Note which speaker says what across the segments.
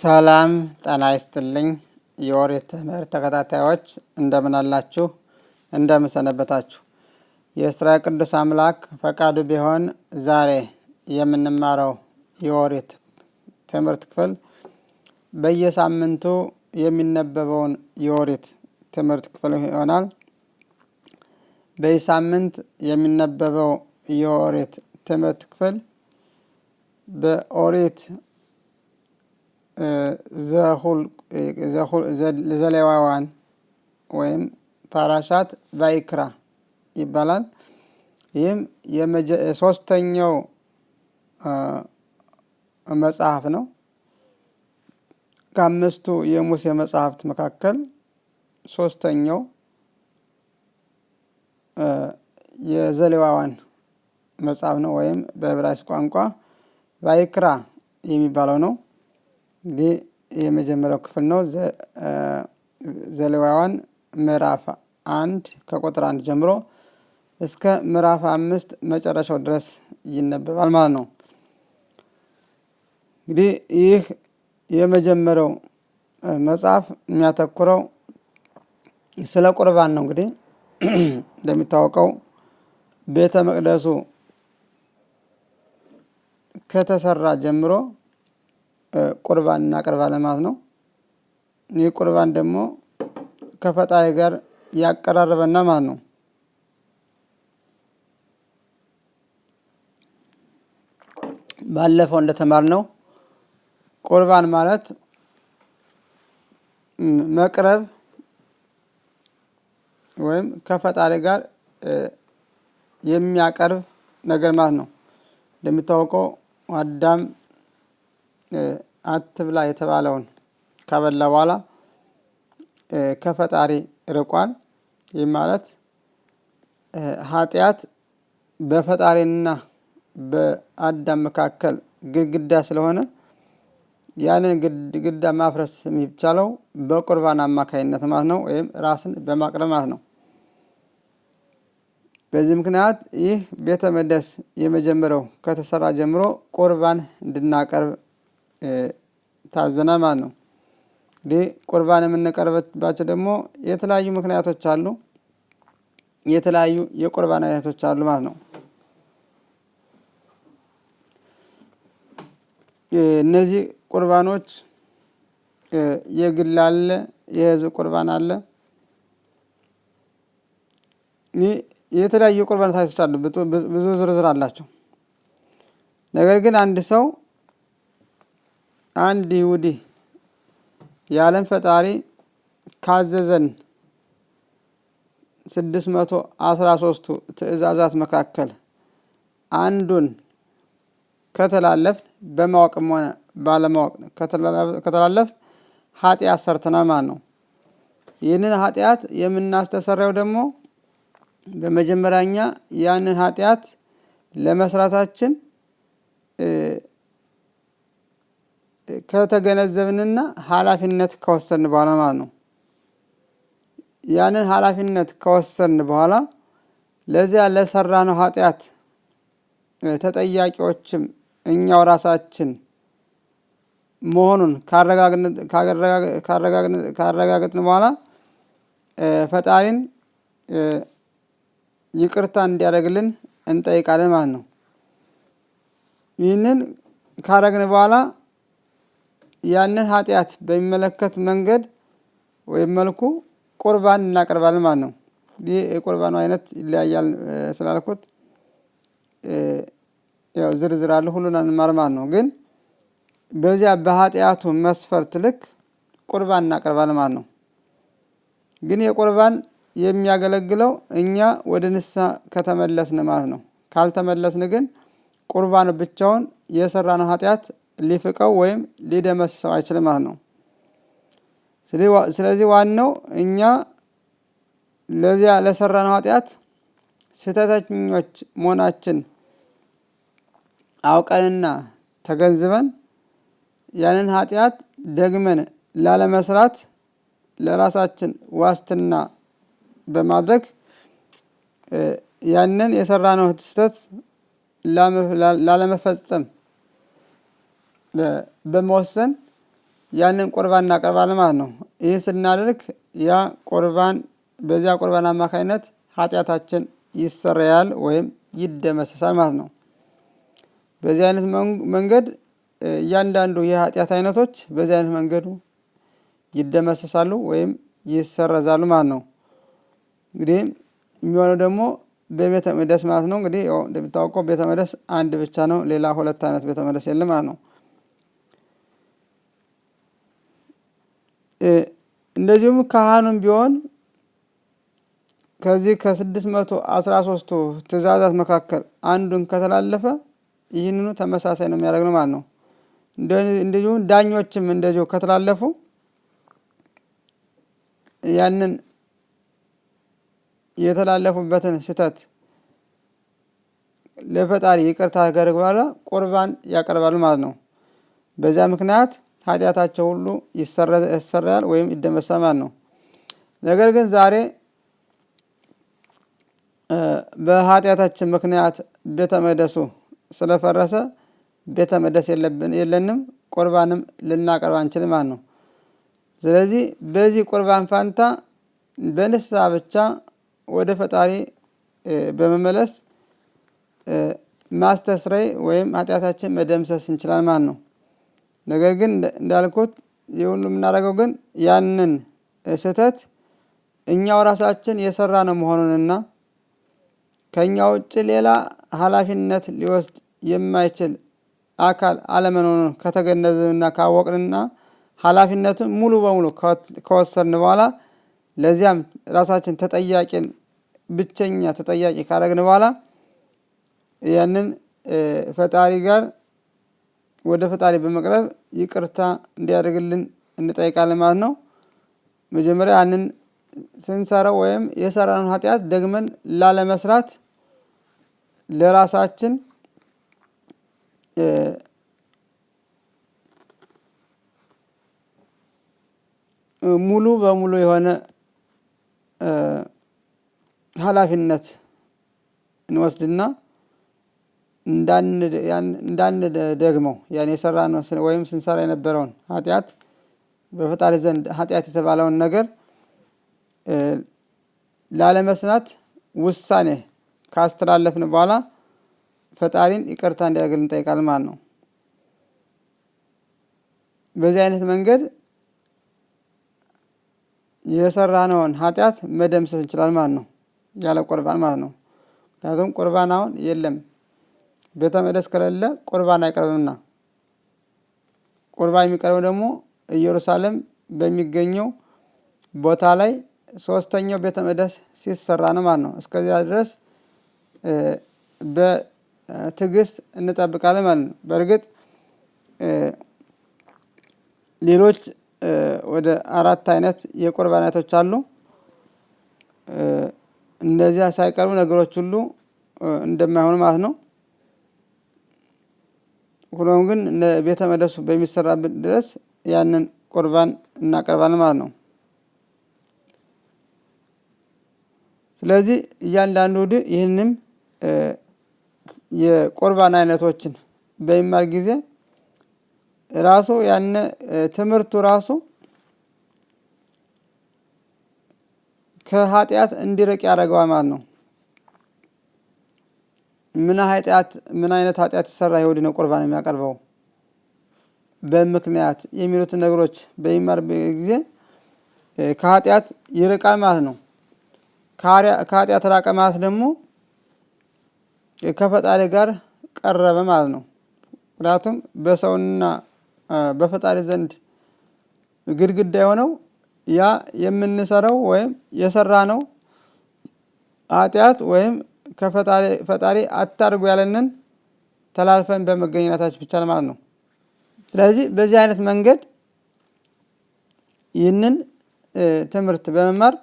Speaker 1: ሰላም ጠና ይስጥልኝ። የወሬ ትምህርት ተከታታዮች እንደምን አላችሁ? እንደምን ሰነበታችሁ? ቅዱስ አምላክ ፈቃዱ ቢሆን ዛሬ የምንማረው የኦሪት ትምህርት ክፍል በየሳምንቱ የሚነበበውን የኦሪት ትምህርት ክፍል ይሆናል። በየሳምንት ሳምንት የሚነበበው የኦሪት ትምህርት ክፍል በኦሪት ዘለዋዋን ወይም ፓራሻት ቫይክራ ይባላል። ይህም የሶስተኛው መጽሐፍ ነው። ከአምስቱ የሙሴ መጽሐፍት መካከል ሶስተኛው የዘሌዋዋን መጽሐፍ ነው ወይም በዕብራይስጥ ቋንቋ ቫይክራ የሚባለው ነው። እንግዲህ የመጀመሪያው ክፍል ነው። ዘሌዋውያን ምዕራፍ አንድ ከቁጥር አንድ ጀምሮ እስከ ምዕራፍ አምስት መጨረሻው ድረስ ይነበባል ማለት ነው። እንግዲህ ይህ የመጀመሪያው መጽሐፍ የሚያተኩረው ስለ ቁርባን ነው። እንግዲህ እንደሚታወቀው ቤተ መቅደሱ ከተሰራ ጀምሮ ቁርባን እናቀርባለን ማለት ነው። ይህ ቁርባን ደግሞ ከፈጣሪ ጋር ያቀራረበና ማለት ነው። ባለፈው እንደተማርነው ቁርባን ማለት መቅረብ ወይም ከፈጣሪ ጋር የሚያቀርብ ነገር ማለት ነው። እንደሚታወቀው አዳም አትብላ የተባለውን ከበላ በኋላ ከፈጣሪ ርቋል። ይህ ማለት ኃጢአት በፈጣሪና በአዳም መካከል ግድግዳ ስለሆነ ያንን ግድግዳ ማፍረስ የሚቻለው በቁርባን አማካኝነት ማለት ነው፣ ወይም ራስን በማቅረብ ማለት ነው። በዚህ ምክንያት ይህ ቤተ መቅደስ የመጀመሪያው ከተሰራ ጀምሮ ቁርባን እንድናቀርብ ታዘናል ማለት ነው። እንግዲህ ቁርባን የምንቀርብባቸው ደግሞ የተለያዩ ምክንያቶች አሉ፣ የተለያዩ የቁርባን አይነቶች አሉ ማለት ነው። እነዚህ ቁርባኖች የግል አለ፣ የህዝብ ቁርባን አለ። የተለያዩ የቁርባን አይነቶች አሉ፣ ብዙ ዝርዝር አላቸው። ነገር ግን አንድ ሰው አንድ ይሁዲ የዓለም ፈጣሪ ካዘዘን ስድስት መቶ አስራ ሶስቱ ትእዛዛት መካከል አንዱን ከተላለፍ በማወቅም ሆነ ባለማወቅ ከተላለፍ ኃጢአት ሰርተናል ማለት ነው። ይህንን ኃጢአት የምናስተሰራው ደግሞ በመጀመሪያኛ ያንን ኃጢአት ለመስራታችን ከተገነዘብንና ኃላፊነት ከወሰድን በኋላ ማለት ነው። ያንን ኃላፊነት ከወሰድን በኋላ ለዚያ ለሰራነው ኃጢአት ተጠያቂዎችም እኛው ራሳችን መሆኑን ካረጋገጥን በኋላ ፈጣሪን ይቅርታ እንዲያደርግልን እንጠይቃለን ማለት ነው። ይህንን ካረግን በኋላ ያንን ኃጢአት በሚመለከት መንገድ ወይም መልኩ ቁርባን እናቀርባለን ማለት ነው። ይህ የቁርባኑ አይነት ይለያያል ስላልኩት ያው ዝርዝር አለ ሁሉን አንማር ማለት ነው። ግን በዚያ በኃጢአቱ መስፈርት ልክ ቁርባን እናቀርባለን ማለት ነው። ግን የቁርባን የሚያገለግለው እኛ ወደ ንስሐ ከተመለስን ማለት ነው። ካልተመለስን ግን ቁርባን ብቻውን የሰራነው ኃጢአት ሊፍቀው ወይም ሊደመስሰው አይችልም ማለት ነው። ስለዚህ ዋናው እኛ ለዚያ ለሰራነው ኃጢአት ስህተተኞች መሆናችን አውቀንና ተገንዝበን ያንን ኃጢአት ደግመን ላለመስራት ለራሳችን ዋስትና በማድረግ ያንን የሰራነው ስህተት ላለመፈጸም በመወሰን ያንን ቁርባን እናቀርባለን ማለት ነው። ይህን ስናደርግ ያ ቁርባን በዚያ ቁርባን አማካኝነት ኃጢአታችን ይሰረያል ወይም ይደመሰሳል ማለት ነው። በዚህ አይነት መንገድ እያንዳንዱ የኃጢአት አይነቶች በዚህ አይነት መንገዱ ይደመሰሳሉ ወይም ይሰረዛሉ ማለት ነው። እንግዲህ የሚሆነው ደግሞ በቤተ መቅደስ ማለት ነው። እንግዲህ እንደሚታወቀው ቤተ መቅደስ አንድ ብቻ ነው። ሌላ ሁለት አይነት ቤተ መቅደስ የለም ማለት ነው። እንደዚሁም ካህኑም ቢሆን ከዚህ ከስድስት መቶ አስራ ሶስቱ ትእዛዛት መካከል አንዱን ከተላለፈ ይህንኑ ተመሳሳይ ነው የሚያደርግ ነው ማለት ነው። እንደዚሁም ዳኞችም እንደዚሁ ከተላለፉ ያንን የተላለፉበትን ስህተት ለፈጣሪ ይቅርታ ካደረጉ በኋላ ቁርባን ያቀርባሉ ማለት ነው። በዚያ ምክንያት ኃጢአታቸው ሁሉ ይሰራል ወይም ይደመሰማል ነው። ነገር ግን ዛሬ በኃጢአታችን ምክንያት ቤተ መቅደሱ ስለፈረሰ ቤተ መቅደስ የለንም፣ ቁርባንም ልናቀርብ አንችልም ማለት ነው። ስለዚህ በዚህ ቁርባን ፋንታ በንስሐ ብቻ ወደ ፈጣሪ በመመለስ ማስተስረይ ወይም ኃጢአታችን መደምሰስ እንችላል ማለት ነው። ነገር ግን እንዳልኩት ይህ ሁሉ የምናደርገው ግን ያንን ስህተት እኛው ራሳችን የሰራ ነው መሆኑንና ከእኛ ውጭ ሌላ ኃላፊነት ሊወስድ የማይችል አካል አለመኖኑን ከተገነዘብና ካወቅንና ኃላፊነቱን ሙሉ በሙሉ ከወሰድን በኋላ ለዚያም ራሳችን ተጠያቂን ብቸኛ ተጠያቂ ካደረግን በኋላ ያንን ፈጣሪ ጋር ወደ ፈጣሪ በመቅረብ ይቅርታ እንዲያደርግልን እንጠይቃለን ማለት ነው። መጀመሪያ ያንን ስንሰራው ወይም የሰራን ኃጢአት ደግመን ላለመስራት ለራሳችን ሙሉ በሙሉ የሆነ ኃላፊነት እንወስድና እንዳንደግመው ያን የሰራነው ወይም ስንሰራ የነበረውን ኃጢአት በፈጣሪ ዘንድ ኃጢአት የተባለውን ነገር ላለመስናት ውሳኔ ካስተላለፍን በኋላ ፈጣሪን ይቅርታ እንዲያደርግል እንጠይቃል ማለት ነው። በዚህ አይነት መንገድ የሰራነውን ኃጢአት መደምሰስ እንችላል ማለት ነው። ያለ ቁርባን ማለት ነው። ምክንያቱም ቁርባን አሁን የለም ቤተ መቅደስ ከሌለ ቁርባን አይቀርብምና ቁርባን የሚቀርበው ደግሞ ኢየሩሳሌም በሚገኘው ቦታ ላይ ሶስተኛው ቤተ መቅደስ ሲሰራ ነው ማለት ነው። እስከዚያ ድረስ በትዕግስት እንጠብቃለን ማለት ነው። በእርግጥ ሌሎች ወደ አራት አይነት የቁርባን አይነቶች አሉ። እነዚያ ሳይቀርቡ ነገሮች ሁሉ እንደማይሆኑ ማለት ነው። ሆኖም ግን ቤተ መቅደሱ በሚሰራበት ድረስ ያንን ቁርባን እናቀርባለን ማለት ነው። ስለዚህ እያንዳንዱ እሑድ ይህንም የቁርባን አይነቶችን በሚማር ጊዜ ራሱ ያነ ትምህርቱ ራሱ ከኃጢአት እንዲርቅ ያደረገዋል ማለት ነው። ምን ኃጢአት ምን አይነት ኃጢአት የሰራ ይሁዲ ነው ቁርባን የሚያቀርበው በምክንያት የሚሉትን ነገሮች በሚማር ጊዜ ከኃጢአት ይርቃል ማለት ነው። ከኃጢአት ራቀ ማለት ደግሞ ከፈጣሪ ጋር ቀረበ ማለት ነው። ምክንያቱም በሰውና በፈጣሪ ዘንድ ግድግዳ የሆነው ያ የምንሰራው ወይም የሰራ ነው ኃጢአት ወይም ከፈጣሪ አታርጉ ያለንን ተላልፈን በመገኘታችን ብቻ ማለት ነው። ስለዚህ በዚህ አይነት መንገድ ይህንን ትምህርት በመማር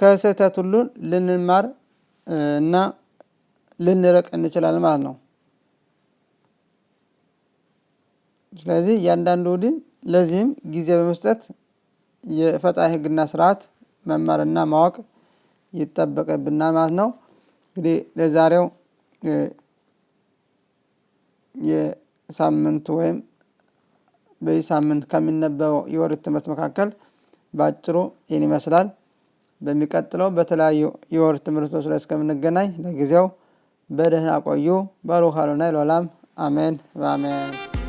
Speaker 1: ከስህተት ሁሉ ልንማር እና ልንረቅ እንችላለን ማለት ነው። ስለዚህ እያንዳንዱ ውድን ለዚህም ጊዜ በመስጠት የፈጣሪ ሕግና ስርዓት መማርና ማወቅ ይጠበቅብናል ማለት ነው። እንግዲህ ለዛሬው የሳምንቱ ወይም በዚህ ሳምንት ከሚነበበው የወርድ ትምህርት መካከል በአጭሩ ይህን ይመስላል። በሚቀጥለው በተለያዩ የወርድ ትምህርቶች ላይ እስከምንገናኝ ለጊዜው በደህና ቆዩ። ባሩክ ይሎላም አሜን በአሜን